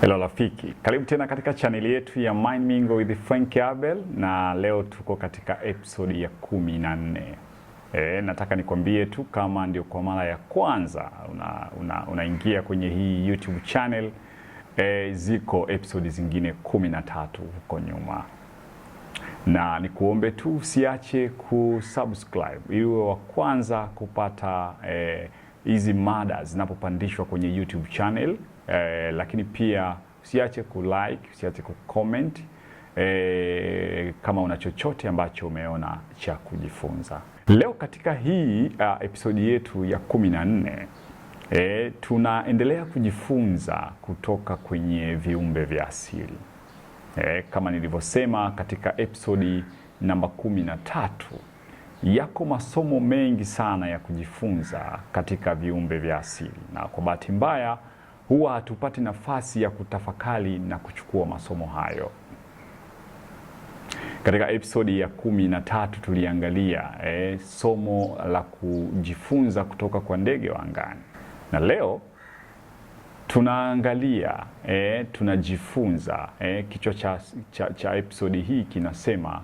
Hello rafiki, karibu tena katika chaneli yetu ya Mind Mingle with Frank Abel, na leo tuko katika episode ya kumi na nne. E, nataka nikwambie tu kama ndio kwa mara ya kwanza unaingia una, una kwenye hii YouTube channel e, ziko episode zingine kumi na tatu huko nyuma, na nikuombe tu usiache kusubscribe ili uwe wa kwanza kupata e, hizi e, mada zinapopandishwa kwenye YouTube channel eh, lakini pia usiache kulike, usiache kucomment eh, kama una chochote ambacho umeona cha kujifunza leo katika hii uh, episodi yetu ya kumi na nne eh, tunaendelea kujifunza kutoka kwenye viumbe vya asili e, kama nilivyosema katika episodi namba kumi na tatu yako masomo mengi sana ya kujifunza katika viumbe vya asili, na kwa bahati mbaya huwa hatupati nafasi ya kutafakari na kuchukua masomo hayo. Katika episodi ya kumi na tatu tuliangalia eh, somo la kujifunza kutoka kwa ndege wa angani, na leo tunaangalia eh, tunajifunza eh, kichwa cha, cha, cha episodi hii kinasema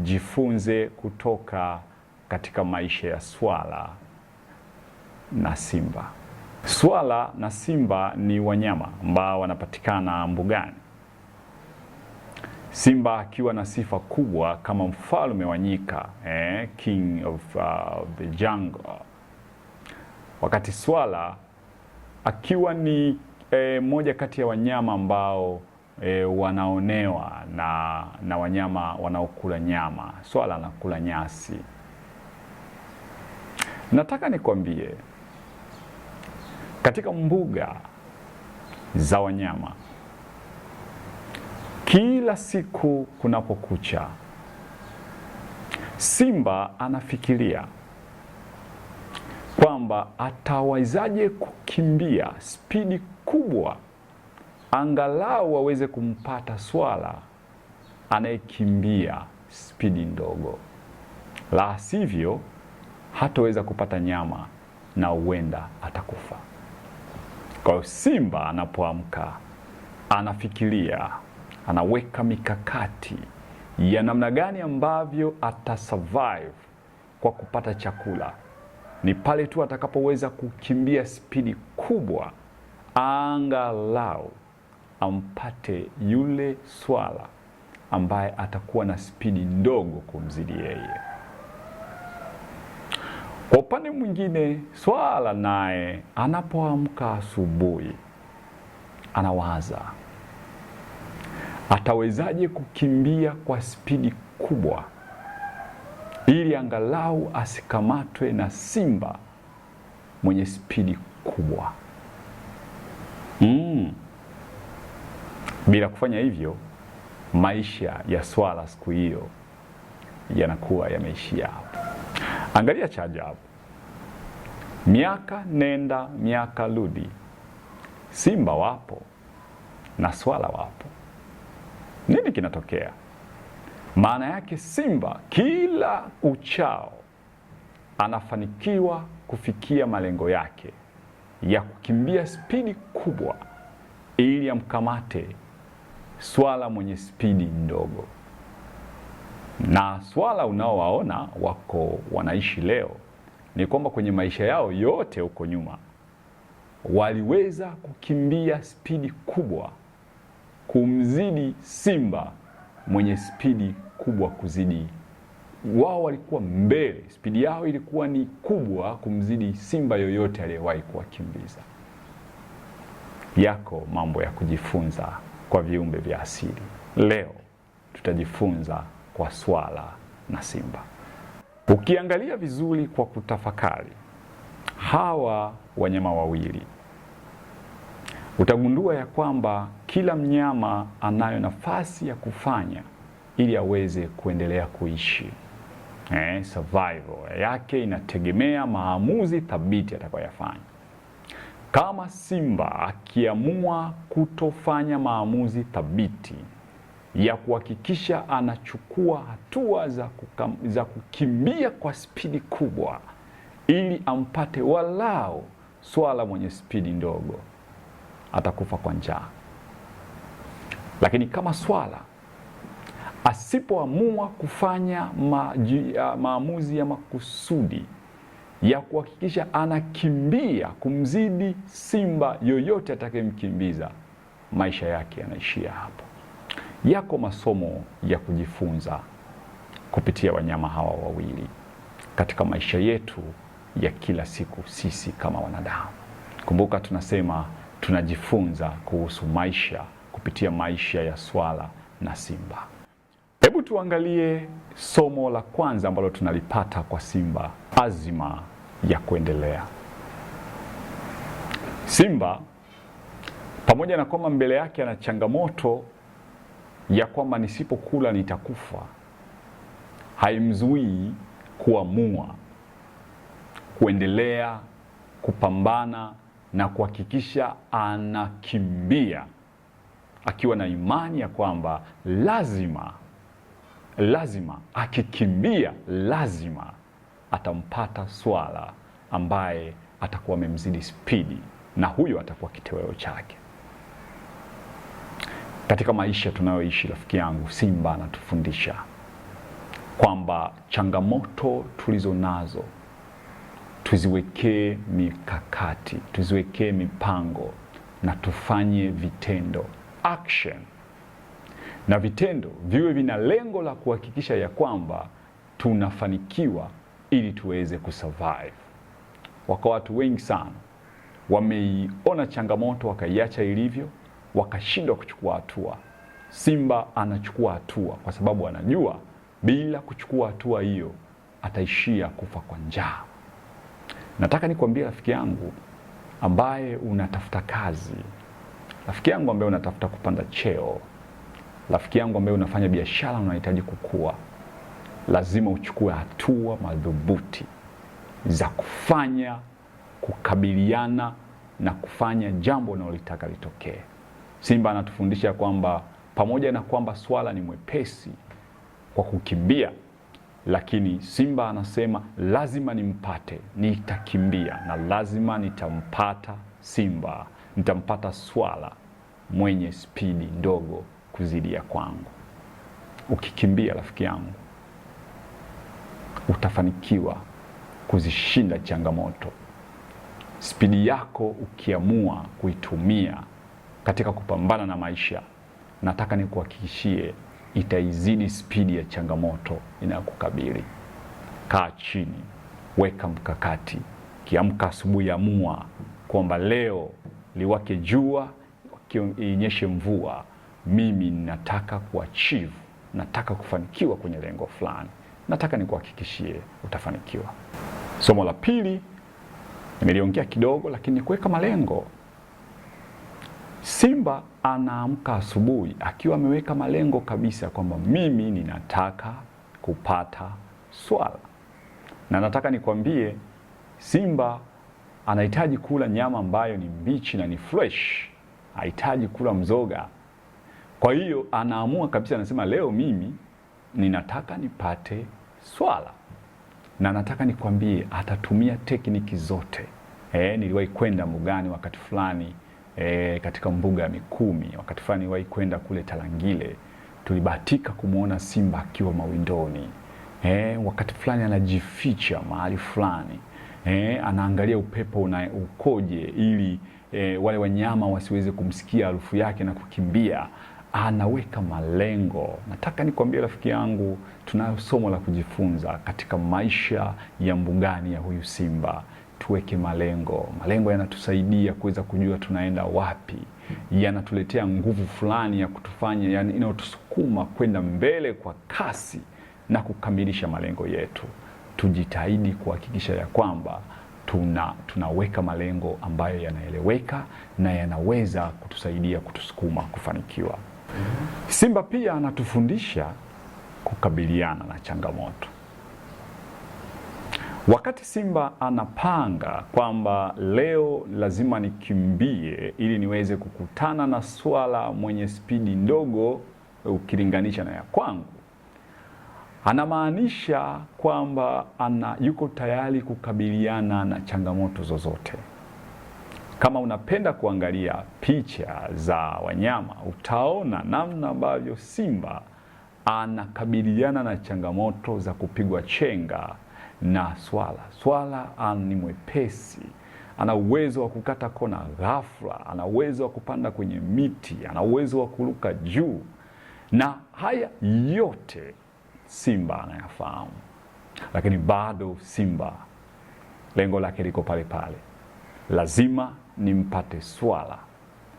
jifunze kutoka katika maisha ya swala na simba. Swala na simba ni wanyama ambao wanapatikana mbugani. Simba akiwa na sifa kubwa kama mfalme wa nyika, eh, king of uh, the jungle, wakati swala akiwa ni eh, moja kati ya wanyama ambao eh, wanaonewa na, na wanyama wanaokula nyama. Swala anakula nyasi. Nataka nikwambie katika mbuga za wanyama kila siku kunapokucha, simba anafikiria kwamba atawezaje kukimbia spidi kubwa angalau aweze kumpata swala anayekimbia spidi ndogo, la sivyo hataweza kupata nyama na huenda atakufa. Kwa hiyo simba anapoamka anafikiria, anaweka mikakati ya namna gani ambavyo atasurvive kwa kupata chakula. Ni pale tu atakapoweza kukimbia spidi kubwa, angalau ampate yule swala ambaye atakuwa na spidi ndogo kumzidi yeye upande mwingine, swala naye anapoamka asubuhi anawaza atawezaje kukimbia kwa spidi kubwa ili angalau asikamatwe na simba mwenye spidi kubwa. Mm. Bila kufanya hivyo, maisha ya swala siku hiyo yanakuwa yameishia hapo. Angalia cha ajabu. Miaka nenda miaka rudi, simba wapo na swala wapo. Nini kinatokea? Maana yake simba kila uchao anafanikiwa kufikia malengo yake ya kukimbia spidi kubwa ili amkamate swala mwenye spidi ndogo. Na swala unaowaona wako wanaishi leo ni kwamba kwenye maisha yao yote huko nyuma waliweza kukimbia spidi kubwa kumzidi simba mwenye spidi kubwa kuzidi wao. Walikuwa mbele, spidi yao ilikuwa ni kubwa kumzidi simba yoyote aliyewahi kuwakimbiza. Yako mambo ya kujifunza kwa viumbe vya asili. Leo tutajifunza kwa swala na simba. Ukiangalia vizuri kwa kutafakari hawa wanyama wawili, utagundua ya kwamba kila mnyama anayo nafasi ya kufanya ili aweze kuendelea kuishi. Eh, survival yake inategemea maamuzi thabiti atakayoyafanya. Kama simba akiamua kutofanya maamuzi thabiti ya kuhakikisha anachukua hatua za, kukam, za kukimbia kwa spidi kubwa ili ampate walao swala mwenye spidi ndogo, atakufa kwa njaa. Lakini kama swala asipoamua kufanya maamuzi ya makusudi ya kuhakikisha anakimbia kumzidi simba yoyote atakayemkimbiza, maisha yake yanaishia hapo. Yako masomo ya kujifunza kupitia wanyama hawa wawili katika maisha yetu ya kila siku sisi kama wanadamu. Kumbuka tunasema tunajifunza kuhusu maisha kupitia maisha ya swala na simba. Hebu tuangalie somo la kwanza ambalo tunalipata kwa simba, azima ya kuendelea. Simba pamoja na kwamba mbele yake ana changamoto ya kwamba nisipokula nitakufa haimzuii kuamua kuendelea kupambana na kuhakikisha anakimbia akiwa na imani ya kwamba lazima lazima akikimbia lazima atampata swala ambaye atakuwa amemzidi spidi, na huyo atakuwa kitoweo chake katika maisha tunayoishi, rafiki yangu, Simba anatufundisha kwamba changamoto tulizo nazo tuziwekee mikakati, tuziwekee mipango na tufanye vitendo, action, na vitendo viwe vina lengo la kuhakikisha ya kwamba tunafanikiwa ili tuweze kusurvive. Wako watu wengi sana wameiona changamoto wakaiacha ilivyo wakashindwa kuchukua hatua, Simba anachukua hatua kwa sababu anajua bila kuchukua hatua hiyo ataishia kufa kwa njaa. Nataka nikwambie rafiki yangu ambaye unatafuta kazi, rafiki yangu ambaye unatafuta kupanda cheo, rafiki yangu ambaye unafanya biashara, unahitaji kukua, lazima uchukue hatua madhubuti za kufanya kukabiliana na kufanya jambo unaolitaka litokee. Simba anatufundisha kwamba pamoja na kwamba swala ni mwepesi kwa kukimbia, lakini Simba anasema lazima nimpate, nitakimbia na lazima nitampata Simba, nitampata swala mwenye spidi ndogo kuzidia kwangu. Ukikimbia rafiki yangu, utafanikiwa kuzishinda changamoto. Spidi yako ukiamua kuitumia katika kupambana na maisha, nataka nikuhakikishie itaizidi spidi ya changamoto inayokukabili. Kaa chini, weka mkakati. Kiamka asubuhi, amua kwamba leo liwake jua, inyeshe mvua, mimi nataka kuachivu nataka kufanikiwa kwenye lengo fulani. Nataka nikuhakikishie utafanikiwa. Somo la pili nimeliongea kidogo, lakini ni kuweka malengo. Simba anaamka asubuhi akiwa ameweka malengo kabisa kwamba mimi ninataka kupata swala, na nataka nikwambie, Simba anahitaji kula nyama ambayo ni mbichi na ni fresh, hahitaji kula mzoga. Kwa hiyo anaamua kabisa, anasema leo mimi ninataka nipate swala, na nataka nikwambie, atatumia tekniki zote. Eh, niliwahi kwenda mbugani wakati fulani e, katika mbuga ya Mikumi. Wakati fulani wai kwenda kule Tarangire, tulibahatika kumwona simba akiwa mawindoni e, wakati fulani anajificha mahali fulani e, anaangalia upepo una ukoje ili e, wale wanyama wasiweze kumsikia harufu yake na kukimbia anaweka malengo. Nataka nikwambie rafiki yangu, tunayo somo la kujifunza katika maisha ya mbugani ya huyu simba tuweke malengo. Malengo yanatusaidia kuweza kujua tunaenda wapi, yanatuletea nguvu fulani ya kutufanya, yani inayotusukuma kwenda mbele kwa kasi na kukamilisha malengo yetu. Tujitahidi kuhakikisha ya kwamba tuna tunaweka malengo ambayo yanaeleweka na yanaweza kutusaidia kutusukuma kufanikiwa. Simba pia anatufundisha kukabiliana na changamoto. Wakati Simba anapanga kwamba leo lazima nikimbie ili niweze kukutana na swala mwenye spidi ndogo ukilinganisha na ya kwangu, anamaanisha kwamba ana yuko tayari kukabiliana na changamoto zozote. Kama unapenda kuangalia picha za wanyama, utaona namna ambavyo simba anakabiliana na changamoto za kupigwa chenga na swala. Swala ah, ni mwepesi, ana uwezo wa kukata kona ghafla, ana uwezo wa kupanda kwenye miti, ana uwezo wa kuruka juu, na haya yote simba anayafahamu, lakini bado simba lengo lake liko pale pale, lazima nimpate swala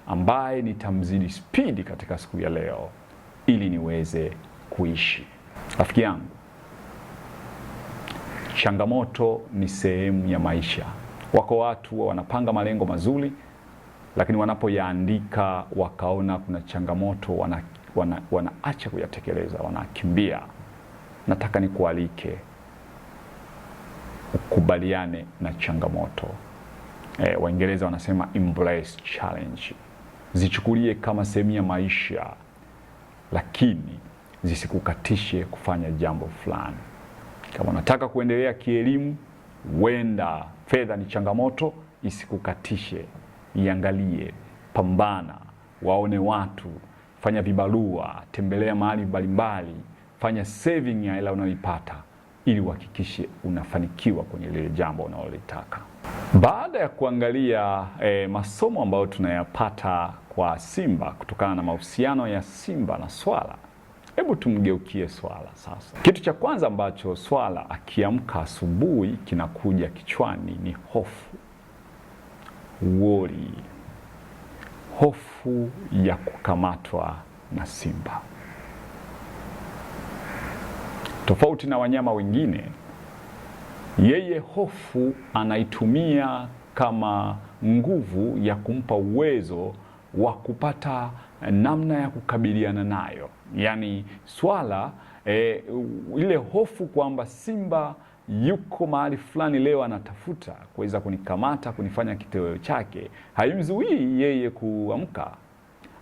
ambaye nitamzidi spidi katika siku ya leo ili niweze kuishi. Rafiki yangu changamoto ni sehemu ya maisha. Wako watu wanapanga malengo mazuri, lakini wanapoyaandika wakaona kuna changamoto, wana, wana, wanaacha kuyatekeleza, wanakimbia. Nataka nikualike ukubaliane na changamoto. E, Waingereza wanasema embrace challenge, zichukulie kama sehemu ya maisha, lakini zisikukatishe kufanya jambo fulani. Kama unataka kuendelea kielimu, wenda fedha ni changamoto, isikukatishe, iangalie, pambana, waone watu, fanya vibarua, tembelea mahali mbalimbali, fanya saving ya hela unayoipata ili uhakikishe unafanikiwa kwenye lile jambo unalolitaka. Baada ya kuangalia e, masomo ambayo tunayapata kwa Simba kutokana na mahusiano ya Simba na swala Hebu tumgeukie swala sasa. Kitu cha kwanza ambacho swala akiamka asubuhi kinakuja kichwani ni hofu, wori, hofu ya kukamatwa na simba. Tofauti na wanyama wengine, yeye hofu anaitumia kama nguvu ya kumpa uwezo wa kupata eh, namna ya kukabiliana nayo, yaani swala e, ile hofu kwamba simba yuko mahali fulani leo anatafuta kuweza kunikamata kunifanya kitoweo chake, haimzuii yeye kuamka,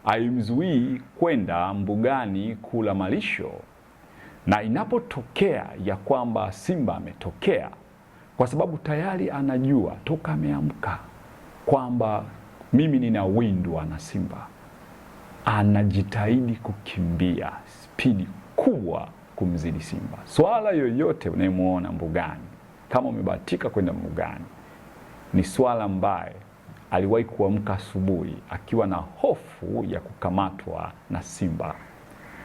haimzuii kwenda mbugani kula malisho. Na inapotokea ya kwamba simba ametokea, kwa sababu tayari anajua toka ameamka kwamba mimi ninawindwa na simba, anajitahidi kukimbia spidi kubwa kumzidi simba. Swala yoyote unayemwona mbugani, kama umebahatika kwenda mbugani, ni swala ambaye aliwahi kuamka asubuhi akiwa na hofu ya kukamatwa na simba,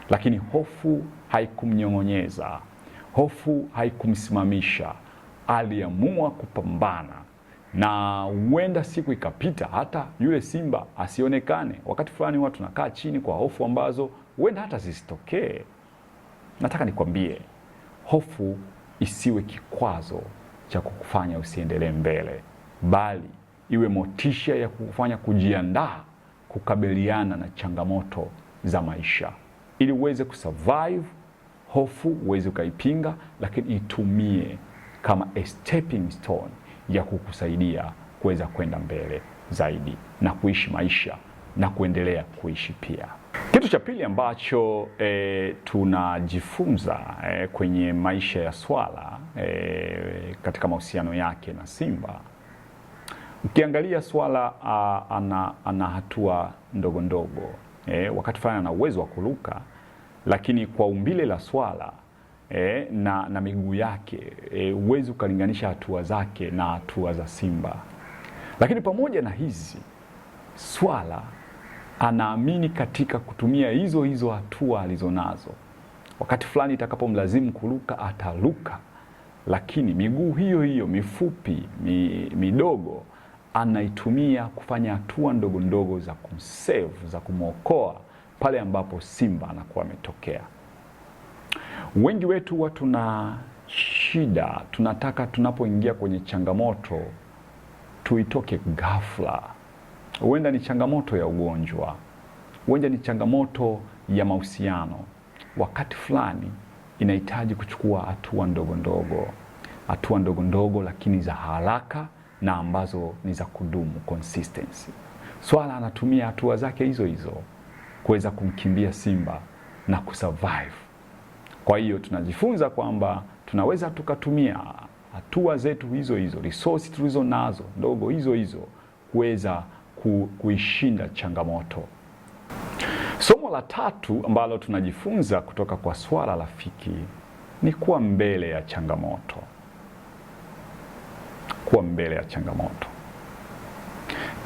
lakini hofu haikumnyong'onyeza, hofu haikumsimamisha. Aliamua kupambana na huenda siku ikapita hata yule simba asionekane. Wakati fulani huwa tunakaa chini kwa hofu ambazo huenda hata zisitokee. Nataka nikwambie, hofu isiwe kikwazo cha kukufanya usiendelee mbele, bali iwe motisha ya kukufanya kujiandaa kukabiliana na changamoto za maisha, ili uweze kusurvive. Hofu uweze ukaipinga, lakini itumie kama a stepping stone ya kukusaidia kuweza kwenda mbele zaidi na kuishi maisha na kuendelea kuishi pia. Kitu cha pili ambacho e, tunajifunza e, kwenye maisha ya swala e, katika mahusiano yake na simba, ukiangalia swala a, ana, ana hatua ndogo ndogo e, wakati fulani ana uwezo wa kuruka, lakini kwa umbile la swala e, na, na miguu yake eh, huwezi e, ukalinganisha hatua zake na hatua za simba. Lakini pamoja na hizi, swala anaamini katika kutumia hizo hizo hatua alizonazo. Wakati fulani itakapomlazimu kuruka ataruka, lakini miguu hiyo hiyo mifupi mi, midogo anaitumia kufanya hatua ndogo ndogo za kumsave za kumwokoa pale ambapo simba anakuwa ametokea. Wengi wetu huwa tuna shida, tunataka tunapoingia kwenye changamoto tuitoke ghafla. Huenda ni changamoto ya ugonjwa, huenda ni changamoto ya mahusiano. Wakati fulani inahitaji kuchukua hatua ndogo ndogo, hatua ndogo ndogo, lakini za haraka na ambazo ni za kudumu, consistency. Swala anatumia hatua zake hizo hizo kuweza kumkimbia simba na kusurvive kwa hiyo tunajifunza kwamba tunaweza tukatumia hatua zetu hizo hizo, resource tulizo nazo ndogo hizo hizo, kuweza ku, kuishinda changamoto. Somo la tatu ambalo tunajifunza kutoka kwa swala rafiki ni kuwa mbele ya changamoto. Kuwa mbele ya changamoto.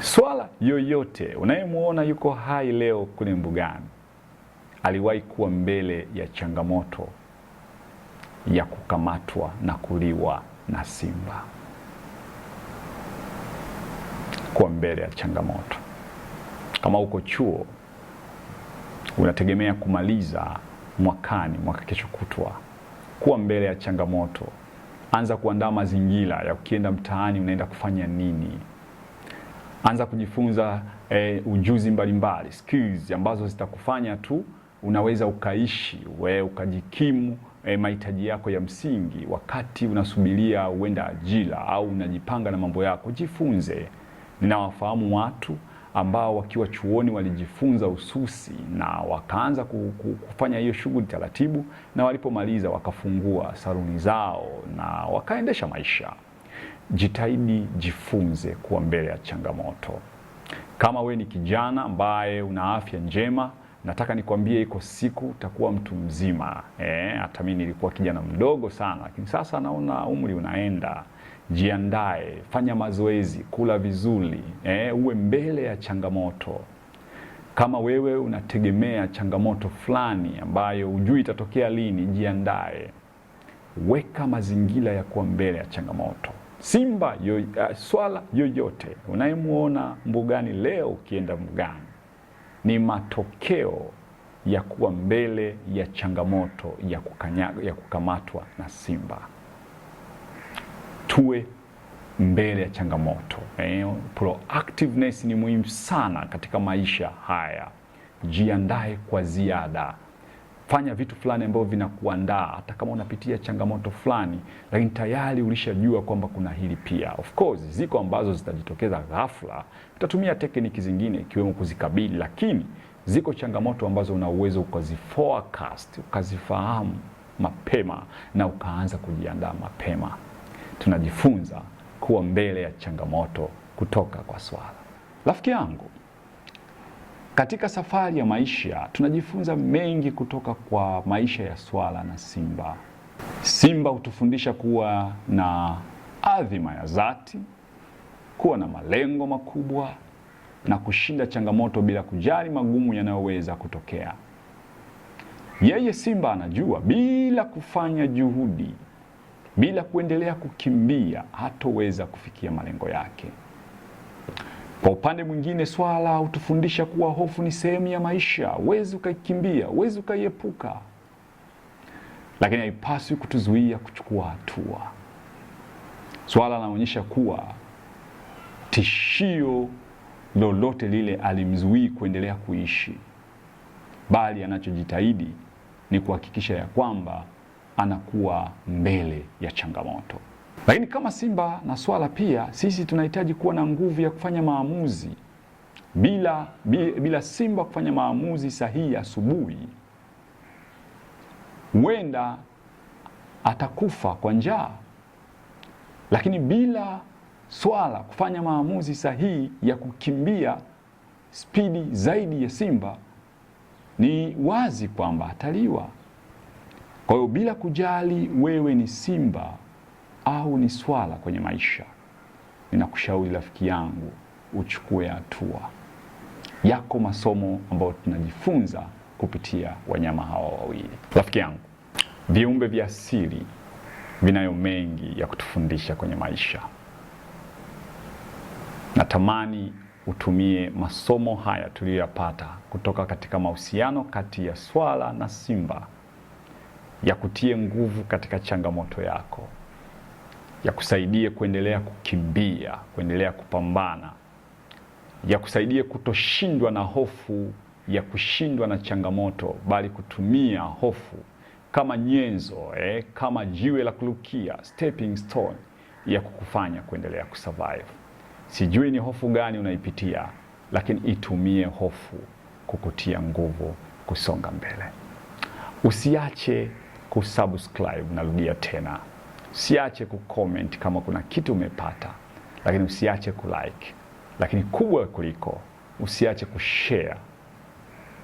Swala yoyote unayemwona yuko hai leo kule mbugani aliwahi kuwa mbele ya changamoto ya kukamatwa na kuliwa na simba. Kuwa mbele ya changamoto. Kama uko chuo unategemea kumaliza mwakani, mwaka kesho kutwa, kuwa mbele ya changamoto. Anza kuandaa mazingira ya ukienda mtaani unaenda kufanya nini. Anza kujifunza eh, ujuzi mbalimbali, skills ambazo zitakufanya tu unaweza ukaishi we, ukajikimu e, mahitaji yako ya msingi wakati unasubiria huenda ajira au unajipanga na mambo yako. Jifunze. Ninawafahamu watu ambao wakiwa chuoni walijifunza ususi na wakaanza kufanya hiyo shughuli taratibu, na walipomaliza wakafungua saluni zao na wakaendesha maisha. Jitahidi, jifunze kuwa mbele ya changamoto. Kama we ni kijana ambaye una afya njema nataka nikwambie, iko siku utakuwa mtu mzima. Eh, hata mimi nilikuwa kijana mdogo sana, lakini sasa naona umri unaenda. Jiandae, fanya mazoezi, kula vizuri, eh, uwe mbele ya changamoto. Kama wewe unategemea changamoto fulani ambayo hujui itatokea lini, jiandae, weka mazingira ya kuwa mbele ya changamoto. Simba yoy, uh, eh, swala yoyote unayemwona mbugani leo, ukienda mbugani ni matokeo ya kuwa mbele ya changamoto ya kukanyaga, ya kukamatwa na simba. Tuwe mbele ya changamoto eh. Proactiveness ni muhimu sana katika maisha haya. Jiandae kwa ziada fanya vitu fulani ambavyo vinakuandaa hata kama unapitia changamoto fulani, lakini tayari ulishajua kwamba kuna hili pia. Of course ziko ambazo zitajitokeza ghafla, utatumia tekniki zingine ikiwemo kuzikabili, lakini ziko changamoto ambazo una uwezo ukaziforecast, ukazifahamu mapema na ukaanza kujiandaa mapema. Tunajifunza kuwa mbele ya changamoto kutoka kwa swala. Rafiki yangu katika safari ya maisha tunajifunza mengi kutoka kwa maisha ya swala na simba. Simba hutufundisha kuwa na adhima ya dhati, kuwa na malengo makubwa na kushinda changamoto bila kujali magumu yanayoweza kutokea. Yeye simba anajua bila kufanya juhudi, bila kuendelea kukimbia, hatoweza kufikia malengo yake. Kwa upande mwingine, swala hutufundisha kuwa hofu ni sehemu ya maisha, huwezi ukaikimbia, huwezi ukaiepuka, lakini haipaswi kutuzuia kuchukua hatua. Swala anaonyesha kuwa tishio lolote lile alimzuii kuendelea kuishi, bali anachojitahidi ni kuhakikisha ya kwamba anakuwa mbele ya changamoto. Lakini kama Simba na Swala pia sisi tunahitaji kuwa na nguvu ya kufanya maamuzi bila, bila Simba kufanya maamuzi sahihi asubuhi, huenda atakufa kwa njaa. Lakini bila Swala kufanya maamuzi sahihi ya kukimbia spidi zaidi ya Simba, ni wazi kwamba ataliwa. Kwa hiyo bila kujali wewe ni Simba au ni swala kwenye maisha, ninakushauri rafiki yangu uchukue hatua. Yako masomo ambayo tunajifunza kupitia wanyama hawa wawili. Rafiki yangu, viumbe vya asili vinayo mengi ya kutufundisha kwenye maisha. Natamani utumie masomo haya tuliyoyapata kutoka katika mahusiano kati ya swala na simba, ya kutie nguvu katika changamoto yako yakusaidie kuendelea kukimbia, kuendelea kupambana, yakusaidie kutoshindwa na hofu ya kushindwa na changamoto, bali kutumia hofu kama nyenzo eh, kama jiwe la kulukia, stepping stone ya kukufanya kuendelea kusurvive. Sijui ni hofu gani unaipitia, lakini itumie hofu kukutia nguvu kusonga mbele. Usiache kusubscribe, narudia tena usiache kucomment kama kuna kitu umepata, lakini usiache kulike, lakini kubwa kuliko usiache kushare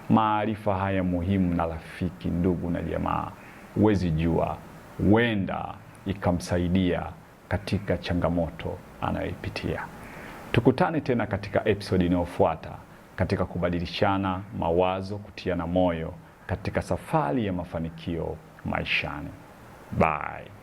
maarifa haya muhimu na rafiki, ndugu na jamaa. Huwezi jua, huenda ikamsaidia katika changamoto anayoipitia. Tukutane tena katika episodi inayofuata katika kubadilishana mawazo, kutia na moyo katika safari ya mafanikio maishani. Bye.